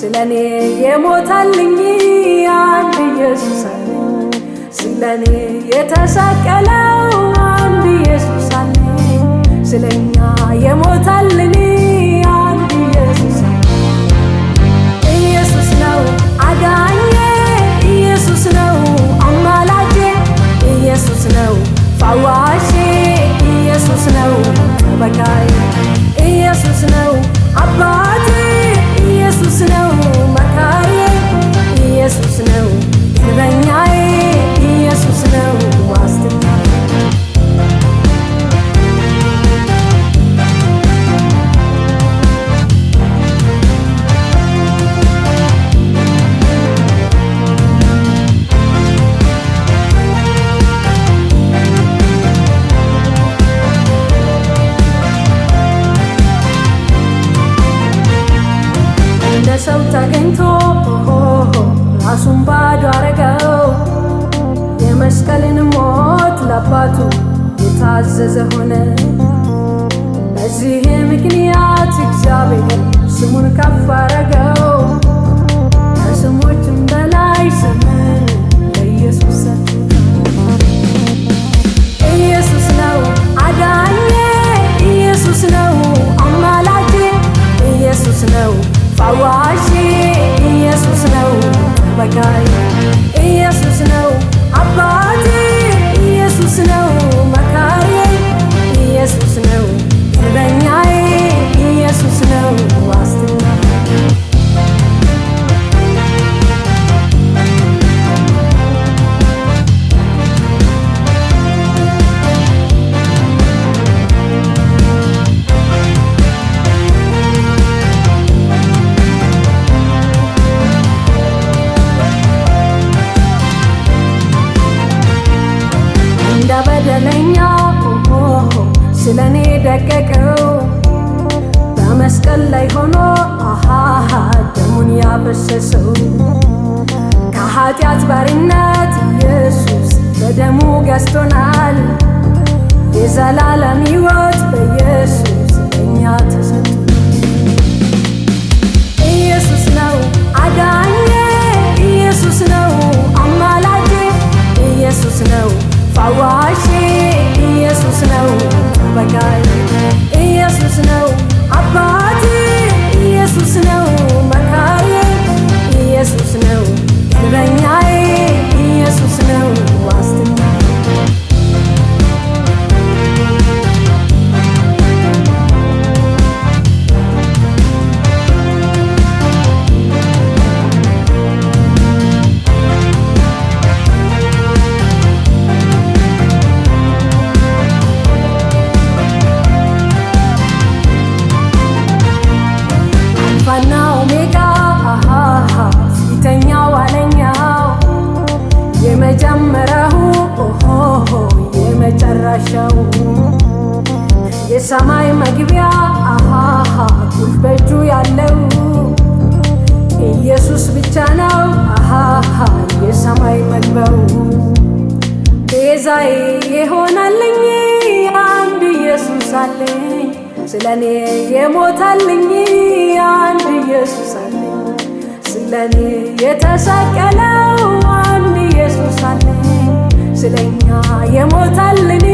ስለኔ የሞታልኝ አንድ ኢየሱስ አለ፣ ስለኔ የተሰቀለው አንድ ኢየሱስ አለ፣ ስለኛ ሰው ተገኝቶ ራሱን ባዶ አረገው። የመስቀልን ሞት ለአባቱ የታዘዘ ሆነ። በዚህ ምክንያት እግዚአብሔር ስሙን ከፍ አረገው። እንዳ በደለኛ ስለኔ ደቀቀው በመስቀል ላይ ሆኖ አሃሃ ደሙን ያበሰሰው ከኃጢአት ባርነት ኢየሱስ በደሙ ገዝቶናል። የዘላለም ሕይወት በኢየሱስ በእኛ ተሰጥቶ ኢየሱስ ነው አዳኜ፣ ኢየሱስ ነው አማላጄ፣ ኢየሱስ ነው Savaş የሰማይ መግቢያ ቁልፍ በእጁ ያለው ኢየሱስ ብቻ ነው። የሰማይ መግቢያው ቤዛዬ የሆናልኝ አንድ ኢየሱስ አለኝ ስለኔ የሞታልኝ አንድ ኢየሱስ አለኝ ስለኔ የተሰቀለው አንድ ኢየሱስ አለኝ ስለኛ የሞታልኝ